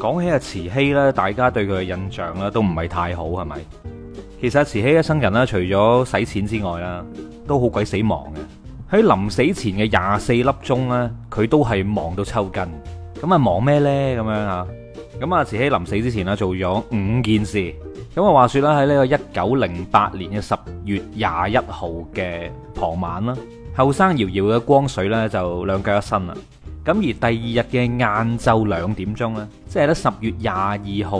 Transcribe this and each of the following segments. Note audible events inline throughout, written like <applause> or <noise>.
講起阿慈禧咧，大家對佢嘅印象咧都唔係太好，係咪？其實阿慈禧一生人啦，除咗使錢之外啦，都好鬼死忙嘅。喺臨死前嘅廿四粒鐘咧，佢都係忙到抽筋。咁啊忙咩呢？咁樣啊？咁阿慈禧臨死之前啦，做咗五件事。咁啊，話說啦，喺呢個一九零八年嘅十月廿一號嘅傍晚啦，後生搖搖嘅光緒咧就兩腳一伸啦。咁而第二日嘅晏晝兩點鐘咧，即係咧十月廿二號，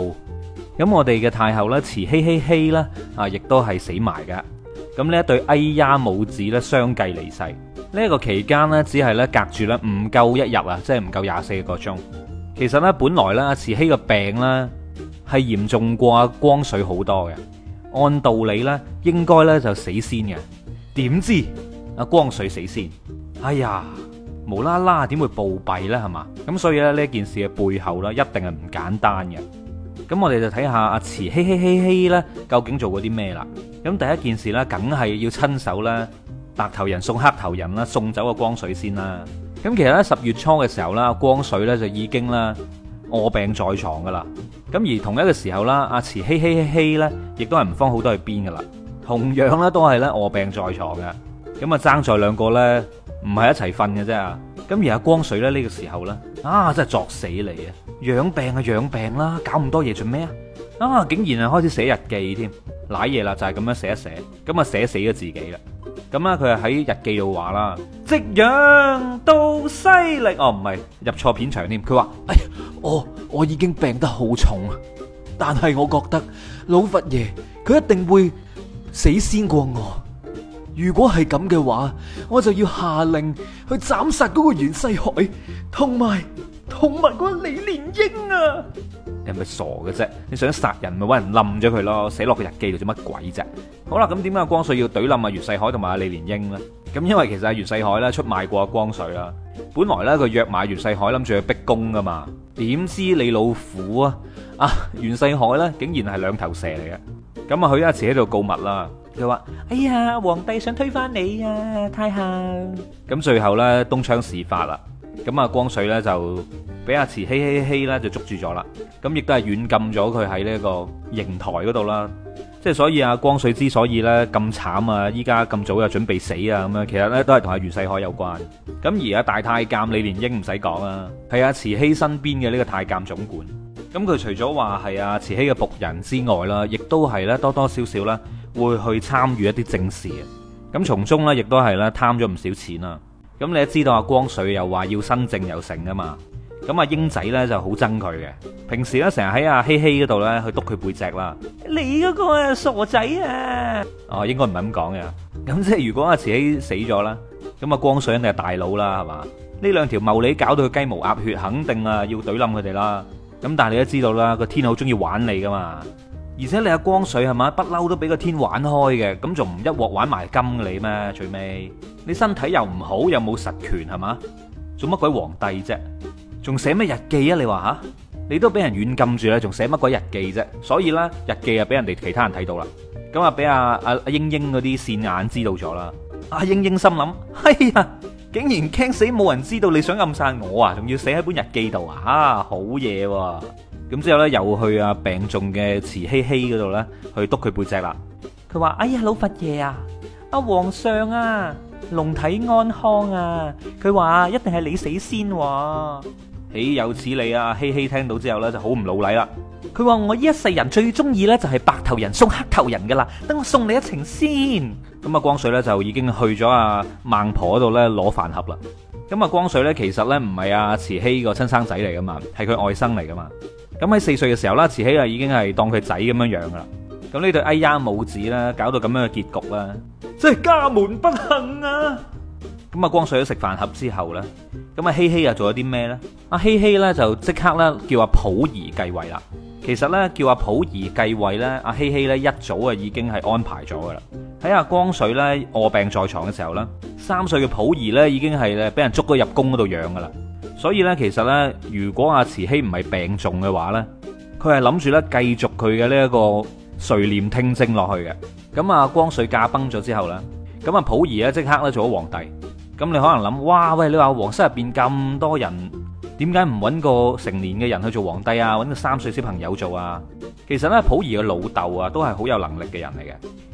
咁我哋嘅太后咧慈禧，禧禧啦，啊，亦都係死埋噶。咁呢一對哀、哎、丫母子咧，相繼離世。呢、這、一個期間呢只係咧隔住咧唔夠一日啊，即係唔夠廿四個鐘。其實咧本來咧慈禧嘅病咧係嚴重過阿光緒好多嘅，按道理咧應該咧就先死先嘅，點知阿光緒先死先？哎呀！無啦啦點會暴斃呢？係嘛？咁所以咧呢件事嘅背後咧一定係唔簡單嘅。咁我哋就睇下阿慈熙熙熙熙呢究竟做過啲咩啦？咁第一件事呢，梗係要親手咧白頭人送黑頭人啦，送走個光緒先啦。咁其實呢，十月初嘅時候啦，光緒呢就已經啦卧病在床噶啦。咁而同一個時候啦，阿慈熙熙熙熙呢，亦都係唔方好多去邊噶啦。同樣呢，都係咧卧病在床嘅。咁啊爭在兩個呢。唔係一齊瞓嘅啫，咁而阿光緒啦呢、呢個時候啦，啊真係作死嚟啊！養病啊養病啦、啊，搞咁多嘢做咩啊？啊竟然係、啊、開始寫日記添，瀨嘢啦就係、是、咁樣寫一寫，咁啊寫死咗自己啦。咁啊佢係喺日記度話啦，夕陽到犀利，哦唔係入錯片場添，佢話，哎呀，哦，我已經病得好重，但係我覺得老佛爺佢一定會死先過我。如果係咁嘅話，我就要下令去斬殺嗰個袁世凱，同埋同埋個李蓮英啊！你係咪傻嘅啫，你想殺人咪搵人冧咗佢咯，寫落個日記度做乜鬼啫？好啦，咁點解啊光緒要懟冧啊袁世凱同埋啊李蓮英咧？咁因為其實啊袁世凱咧出賣過啊光緒啦，本來咧佢約埋袁世凱諗住去逼宮噶嘛，點知李老虎啊啊袁世凱咧竟然係兩頭蛇嚟嘅，咁啊佢一次喺度告密啦。佢話：哎呀，皇帝想推翻你啊，太後！咁最後呢，東窗事發啦，咁啊，光緒呢，就俾阿慈禧、慈禧咧就捉住咗啦。咁亦都係軟禁咗佢喺呢個瀛台嗰度啦。即係所以啊，光緒之所以呢咁慘啊，依家咁早就準備死啊，咁樣其實呢都係同阿袁世凱有關。咁而啊，大太監李蓮英唔使講啦，係阿慈禧身邊嘅呢個太監總管。咁佢除咗話係阿慈禧嘅僕人之外啦，亦都係呢多多少少啦。會去參與一啲政事啊，咁從中咧亦都係咧貪咗唔少錢啦。咁你都知道阿光緒又話要新政又成噶嘛，咁阿英仔咧就好憎佢嘅。平時咧成日喺阿希希嗰度咧去督佢背脊啦。你嗰個傻仔啊！哦，應該唔係咁講嘅。咁即係如果阿慈禧死咗啦，咁啊光緒肯定係大佬啦，係嘛？呢兩條茂利搞到佢雞毛鴨血，肯定啊要懟冧佢哋啦。咁但係你都知道啦，個天好中意玩你噶嘛。而且你阿光緒係嘛，不嬲都俾個天玩開嘅，咁仲唔一鑊玩埋金你咩？最尾你身體又唔好，又冇實權係嘛？做乜鬼皇帝啫？仲寫乜日記啊？你話吓，你都俾人軟禁住啦，仲寫乜鬼日記啫？所以啦，日記啊俾人哋其他人睇到啦，咁啊俾阿阿阿英英嗰啲線眼知道咗啦。阿英英心諗：哎呀，竟然驚死冇人知道你想暗殺我啊，仲要寫喺本日記度啊，啊好嘢喎！咁之後咧，又去啊病重嘅慈禧禧嗰度咧，去督佢背脊啦。佢話：哎呀，老佛爺啊，阿、啊、皇上啊，龍體安康啊。佢話一定係你死先，啊。豈有此理啊！禧禧聽到之後呢就好唔老禮啦。佢話：我呢一世人最中意呢就係白頭人送黑頭人噶啦。等我送你一程先。咁啊，光緒呢就已經去咗阿、啊、孟婆嗰度呢攞飯盒啦。咁啊，光緒呢其實呢唔係阿慈禧個親生仔嚟噶嘛，係佢外甥嚟噶嘛。咁喺四歲嘅時候啦，慈禧啊已經係當佢仔咁樣養噶啦。咁呢對哎呀母子啦，搞到咁樣嘅結局啦，真係家門不幸啊！咁啊，光緒食飯盒之後咧，咁啊，希希又做咗啲咩咧？阿、啊、希希咧就即刻咧叫阿溥儀繼位啦。其實咧叫阿溥儀繼位咧，阿、啊、希希咧一早啊已經係安排咗噶啦。喺阿光緒咧臥病在床嘅時候啦，三歲嘅溥儀咧已經係咧俾人捉咗入宮嗰度養噶啦。所以咧，其實咧，如果阿慈禧唔係病重嘅話咧，佢係諗住咧繼續佢嘅呢一個垂簾聽政落去嘅。咁阿光緒駕崩咗之後咧，咁阿溥儀咧即刻咧做咗皇帝。咁你可能諗，哇喂，你話皇室入邊咁多人。點解唔揾個成年嘅人去做皇帝啊？揾個三歲小朋友做啊？其實呢，溥儀嘅老豆啊，都係好有能力嘅人嚟嘅。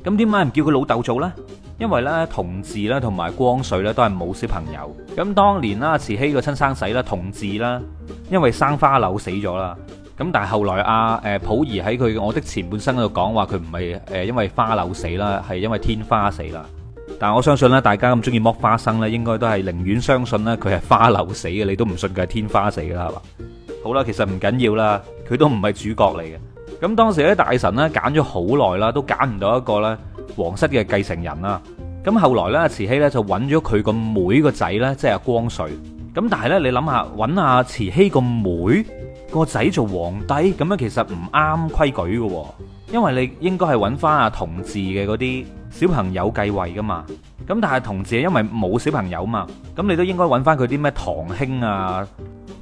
咁點解唔叫佢老豆做呢？因為呢，同治呢同埋光緒呢都係冇小朋友。咁當年啦，慈禧個親生仔啦，同治啦，因為生花柳死咗啦。咁但係後來阿誒溥儀喺佢《我的前半生》度講話，佢唔係誒因為花柳死啦，係因為天花死啦。但係我相信咧，大家咁中意剝花生咧，應該都係寧願相信咧佢係花柳死嘅，你都唔信佢係天花死噶啦，係嘛？好啦，其實唔緊要啦，佢都唔係主角嚟嘅。咁當時咧，大臣咧揀咗好耐啦，都揀唔到一個咧皇室嘅繼承人啦。咁後來咧，慈禧咧就揾咗佢個妹個仔咧，即係阿光緒。咁但係咧，你諗下揾阿慈禧個妹個仔做皇帝，咁樣其實唔啱規矩嘅，因為你應該係揾翻阿同治嘅嗰啲小朋友繼位噶嘛？咁但係同治，因為冇小朋友嘛，咁你都應該揾翻佢啲咩堂兄啊、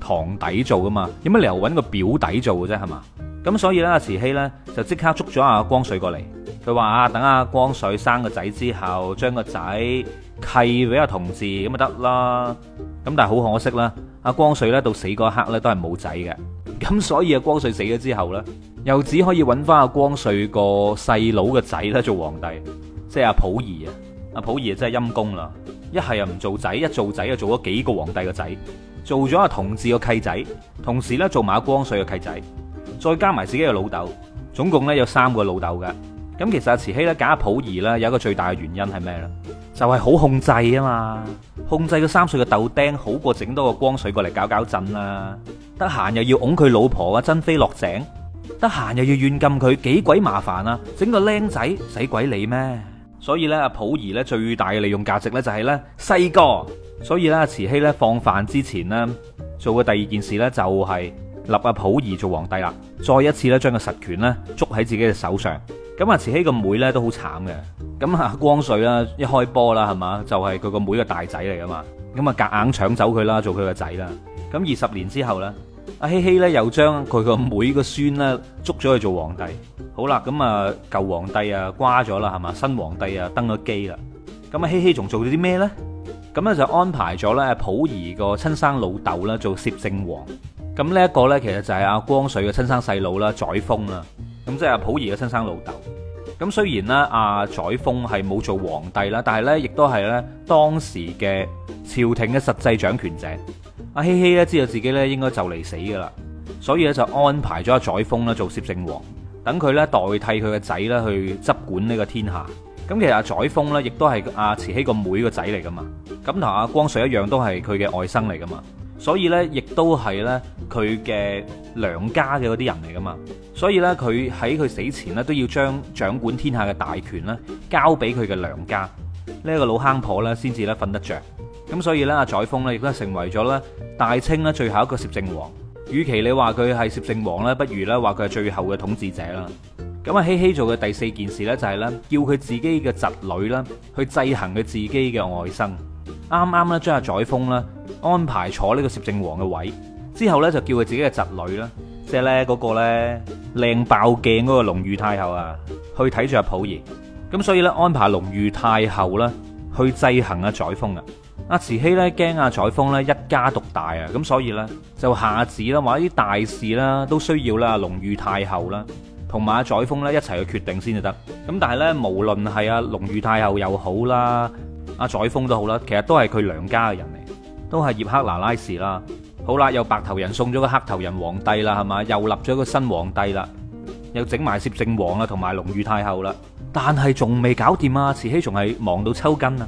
堂弟做噶嘛？有乜理由揾個表弟做嘅啫？係嘛？咁所以呢，阿慈禧呢，就即刻捉咗阿光緒過嚟，佢話啊，等阿光緒生個仔之後，將個仔契俾阿同治，咁咪得啦。咁但係好可惜啦，阿光緒呢，到死嗰刻呢，都係冇仔嘅。咁所以阿光緒死咗之後呢，又只可以揾翻阿光緒個細佬個仔呢做皇帝。即係阿溥儀啊，阿溥儀啊，真係陰公啦！一係又唔做仔，一做仔又做咗幾個皇帝嘅仔，做咗阿同治個契仔，同時咧做埋阿光緒嘅契仔，再加埋自己嘅老豆，總共咧有三個老豆噶。咁其實阿慈禧咧揀阿溥儀咧有一個最大嘅原因係咩啦？就係、是、好控制啊嘛，控制個三歲嘅豆丁好過整多個光緒過嚟搞搞震啦。得閒又要㧬佢老婆啊，珍妃落井，得閒又要軟禁佢，幾鬼麻煩啊！整個僆仔使鬼理咩？所以咧，阿溥儀咧最大嘅利用價值咧就係、是、咧細個。所以咧，慈禧咧放飯之前咧做嘅第二件事咧就係立阿溥儀做皇帝啦。再一次咧將個實權咧捉喺自己嘅手上。咁、嗯、啊，慈禧個妹咧都好慘嘅。咁、嗯、啊，光緒啦一開波啦係嘛，就係佢個妹嘅大仔嚟㗎嘛。咁、嗯、啊，夾硬搶走佢啦，做佢個仔啦。咁二十年之後咧。阿希希咧又將佢個妹個孫咧捉咗去做皇帝，好啦，咁啊舊皇帝啊瓜咗啦，係嘛，新皇帝啊登咗基啦，咁啊希希仲做咗啲咩咧？咁咧就安排咗咧阿溥儀個親生老豆啦做攝政王，咁呢一個咧其實就係阿光緒嘅親生細佬啦載灃啦，咁即係阿溥儀嘅親生老豆。咁雖然咧阿載灃係冇做皇帝啦，但係咧亦都係咧當時嘅朝廷嘅實際掌權者。阿希希咧知道自己咧應該就嚟死噶啦，所以咧就安排咗阿載灃咧做攝政王，等佢咧代替佢嘅仔咧去執管呢個天下。咁其實阿載灃咧亦都係阿慈禧個妹個仔嚟噶嘛，咁同阿光緒一樣都係佢嘅外甥嚟噶嘛，所以咧亦都係咧佢嘅娘家嘅嗰啲人嚟噶嘛，所以咧佢喺佢死前咧都要將掌管天下嘅大權咧交俾佢嘅娘家呢個老坑婆咧先至咧瞓得着。咁所以呢，阿載灃呢亦都係成為咗呢大清呢最後一個攝政王。與其你話佢係攝政王呢，不如呢話佢係最後嘅統治者啦。咁啊，慈禧做嘅第四件事呢，就係呢叫佢自己嘅侄女啦去制衡佢自己嘅外甥。啱啱呢將阿載灃呢安排坐呢個攝政王嘅位，之後呢就叫佢自己嘅侄女啦，即係呢嗰個呢靚爆鏡嗰個隆裕太后啊去睇住阿溥儀。咁所以呢，安排隆裕太后啦。去制衡阿、啊、載灃啊，阿慈禧呢驚阿、啊、載灃咧一家獨大啊，咁所以呢，就下旨啦，或者啲大事啦都需要啦，隆裕太后啦同埋阿載灃咧一齊去決定先至得。咁但係呢，無論係阿隆裕太后又好啦，阿、啊、載灃都好啦，其實都係佢娘家嘅人嚟，都係葉赫那拉氏啦。好啦，又白頭人送咗個黑頭人皇帝啦，係嘛？又立咗個新皇帝啦，又整埋攝政王啦、啊，同埋隆裕太后啦、啊。但係仲未搞掂啊！慈禧仲係忙到抽筋啊！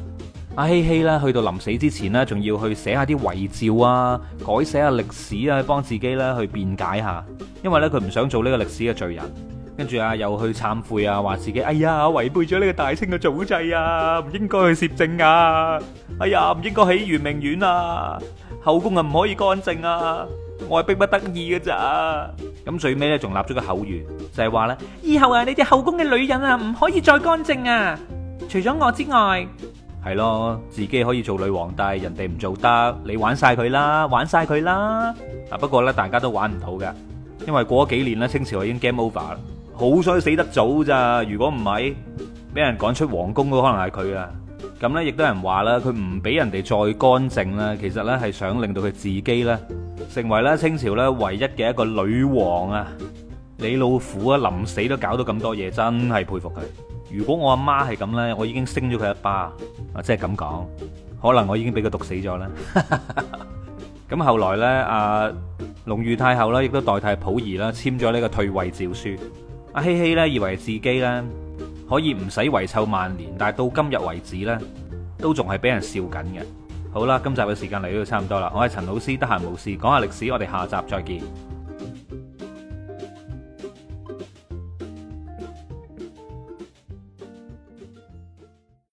阿希希呢，去到臨死之前呢，仲要去寫下啲遺詔啊，改寫下歷史啊，幫自己咧去辯解下，因為呢，佢唔想做呢個歷史嘅罪人。跟住啊，又去懺悔啊，話自己哎呀違背咗呢個大清嘅祖制啊，唔應該去攝政啊，哎呀唔應該起圓明園啊，後宮啊唔可以干政啊。我係逼不得已嘅咋，咁最尾咧仲立咗個口諭，就係話咧以後啊，你哋後宮嘅女人啊，唔可以再乾淨啊，除咗我之外，係咯，自己可以做女皇帝，但係人哋唔做得，你玩晒佢啦，玩晒佢啦。嗱，不過咧，大家都玩唔到噶，因為過咗幾年咧，清朝已經 game over 啦，好衰死得早咋，如果唔係，俾人趕出皇宮都可能係佢啊。咁咧亦都有人話啦，佢唔俾人哋再乾淨啦，其實咧係想令到佢自己咧。成為咧清朝咧唯一嘅一個女王啊！李老虎啊，臨死都搞到咁多嘢，真係佩服佢。如果我阿媽係咁呢，我已經升咗佢一巴啊！即係咁講，可能我已經俾佢毒死咗啦。咁 <laughs> 後來呢，阿隆裕太后啦，亦都代替溥儀啦，簽咗呢個退位詔書。阿禧禧咧，以為自己咧可以唔使遺臭萬年，但係到今日為止呢，都仲係俾人笑緊嘅。好啦，今集嘅時間嚟到差唔多啦，我係陳老師，得閒無事講下歷史，我哋下集再見。